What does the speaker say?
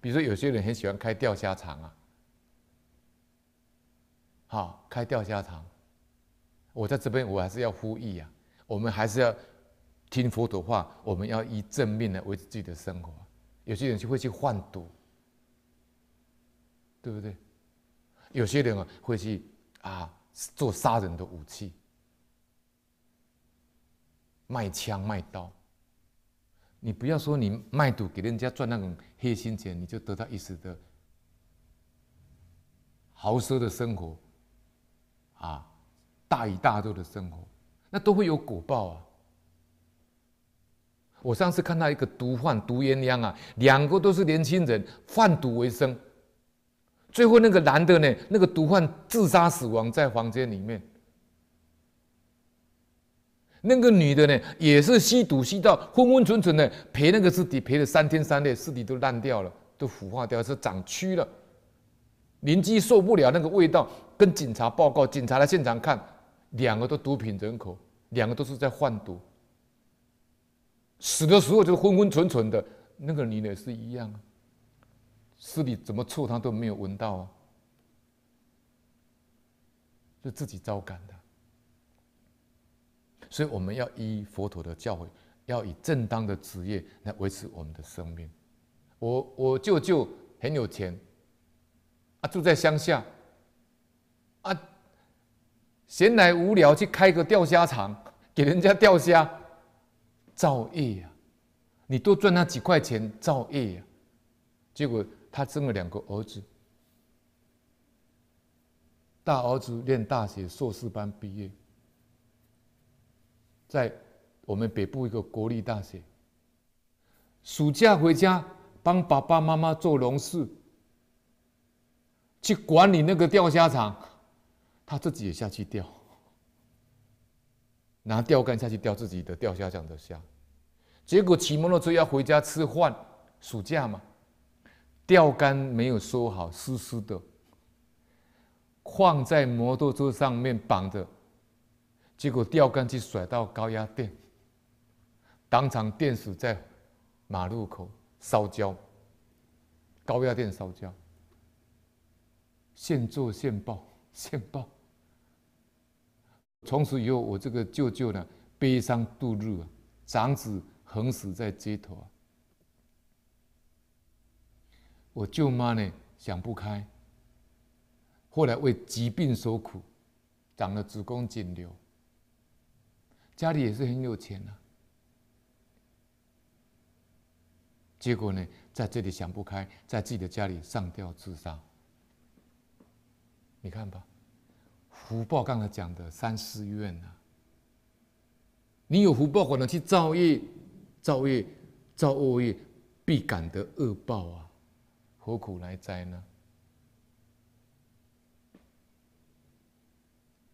比如說，有些人很喜歡開釣蝦場啊，好，開釣蝦場。我在這邊，我還是要呼籲啊，我們還是要聽佛陀話，我們要以正命來維持自己的生活。有些人就會去販毒，對不對？有些人啊，會去啊做殺人的武器，賣槍賣刀。你不要說你賣毒給人家賺那種黑心錢，你就得到一時的豪奢的生活，啊，大魚大肉的生活，那都會有果報啊！我上次看到一個毒販毒鴛鴦啊，兩個都是年輕人，販毒為生，最後那個男的呢，那個毒販自殺死亡在房間裡面。那個女的呢，也是吸毒吸到昏昏沉沉的，陪那個屍體陪了三天三夜，屍體都爛掉了，都腐化掉，是長蛆了。鄰居受不了那個味道，跟警察報告，警察來現場看，兩個都毒品人口，兩個都是在販毒。死的時候就昏昏沉沉的，那個女的也是一樣啊，屍體怎麼臭她都沒有聞到啊，就自己招感的。所以我們要依佛陀的教誨，要以正當的職業來維持我們的生命。我我舅舅很有錢，啊，住在鄉下，啊，閒來無聊去開個釣蝦場，給人家釣蝦，造業啊，你多賺他幾塊錢，造業啊，結果他生了兩個兒子，大兒子念大學，碩士班畢業。在我們北部一個國立大學，暑假回家幫爸爸媽媽做農事，去管理那個釣蝦場，他自己也下去釣，拿釣竿下去釣自己的釣蝦場的蝦，結果騎摩托車要回家吃飯，暑假嘛，釣竿沒有收好，濕濕的，放在摩托車上面綁着。結果釣竿就甩到高壓電，當場電死在馬路口，燒焦，高壓電燒焦，現做現報現報。從此以後，我這個舅舅呢，悲傷度日啊，長子橫死在街頭啊，我舅媽呢，想不開，後來為疾病所苦，長了子宮頸瘤。家裡也是很有錢的，啊、結果呢，在這裡想不開，在自己的家裡上吊自殺。你看吧，福報剛才講的三世怨啊，你有福報，可能去造業、造業、造惡業，業，必感得惡報啊，何苦來哉呢？